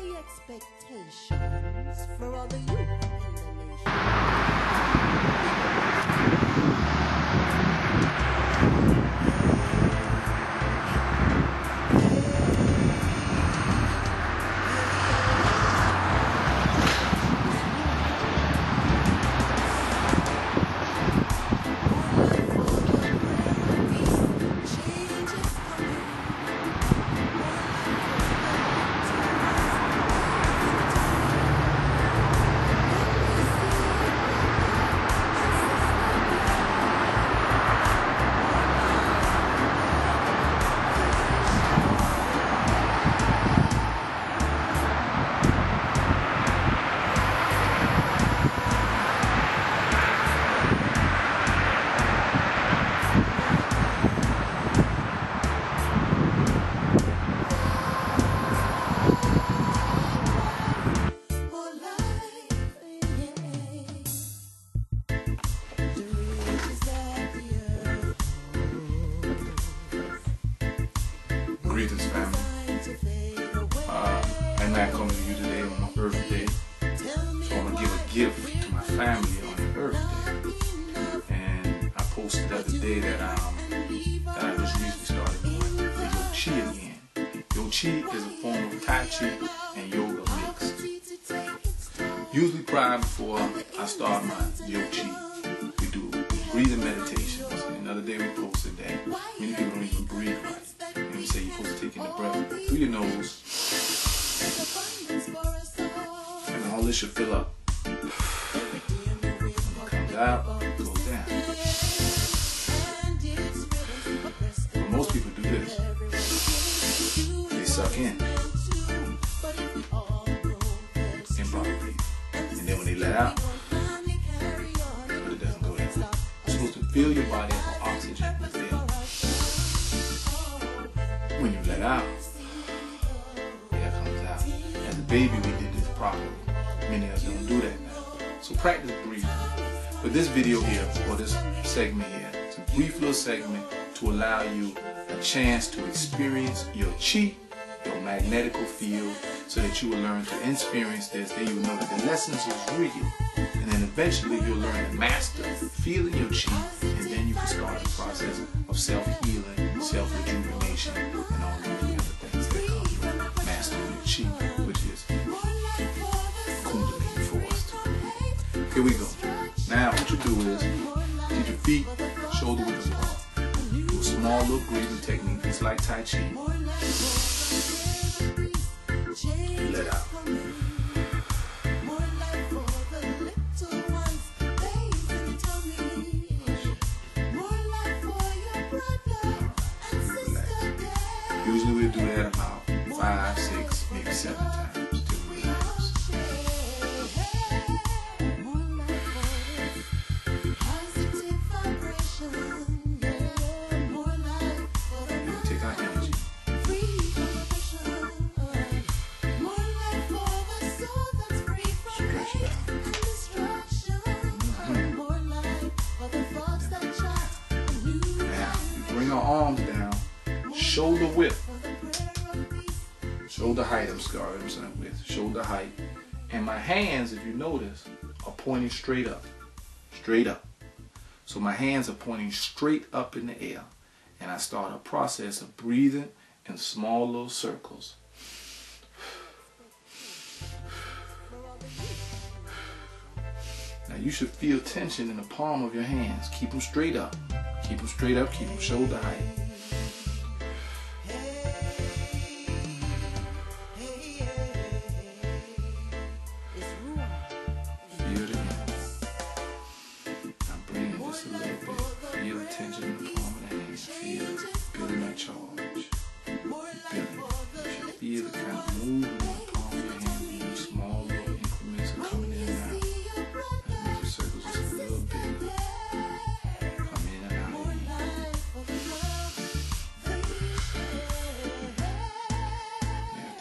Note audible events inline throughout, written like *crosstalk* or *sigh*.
high expectations for all the youth in the nation. *laughs* gift to my family on their birthday. And I posted the other day that, um, that I just recently started doing the Yo Chi again. Yo Chi is a form of Tai Chi and yoga mixed. Usually prior before I start my Yo Chi, we do breathing meditations. Another day we posted that many people don't even breathe right. And we say you're supposed to take in the breath through your nose. And all this should fill up that goes down. But most people do this. They suck in. And breathe. And then when they let out, but it doesn't go in. You're supposed to fill your body up with oxygen. When you let out, that comes out. As a baby, we practice breathing. For this video here, or this segment here, it's a brief little segment to allow you a chance to experience your chi, your magnetical field, so that you will learn to experience this, then you will know that the lessons is real. And then eventually you'll learn to master feeling your chi, and then you can start the process of self-healing, self is your feet shoulder width apart. Do a small little breathing technique. It's like Tai Chi. let out. Usually we do that about five, six, maybe seven times. your arms down, shoulder width, shoulder height, I'm sorry, I'm saying width, shoulder height. And my hands, if you notice, are pointing straight up, straight up. So my hands are pointing straight up in the air. And I start a process of breathing in small little circles. Now you should feel tension in the palm of your hands. Keep them straight up. Keep them straight up, keep them shoulder height. Feel it. I'm breathing just a little bit. Feel the tension in the palm of the hands. Feel it building that jaw.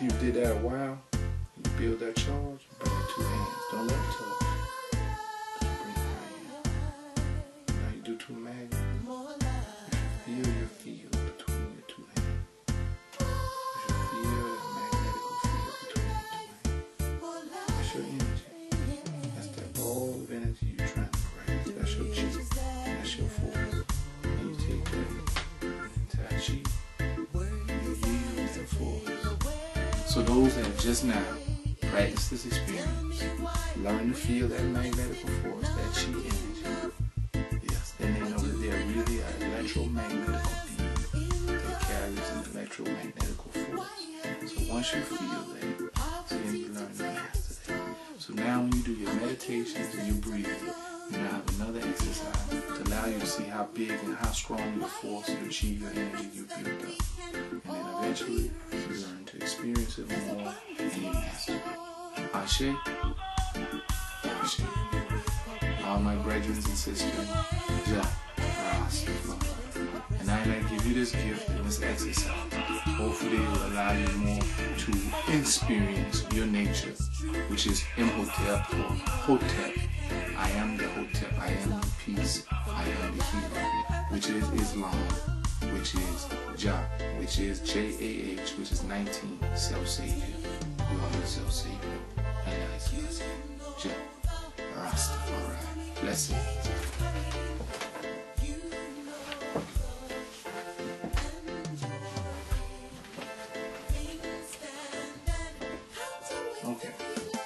you did that a while, you build that charge, bring it to hands. Don't let it touch. So those that just now practiced this experience, learn to feel that magnetical force, that chi energy, yes, then they know that they're really an electromagnetic being that carries an electromagnetical force. So once you feel that, so then you learn to master that. So now when you do your meditations and your breathing, you now have another exercise to allow you to see how big and how strong your force, your chi, your energy you build up. And then eventually you learn to experience Ashe, Ashe, all my brethren and sisters, Jah, and I like give you this gift and this exercise. Hopefully, it will allow you more to experience your nature, which is Imhotep or Hotep. I am the Hotep. I am the peace. I am the healer, which is Islam, which is Jah, which is J A H, which is 19 self savior. bless you. Okay.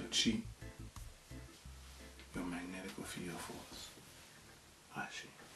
Your cheat your magnetic field force. Ashi.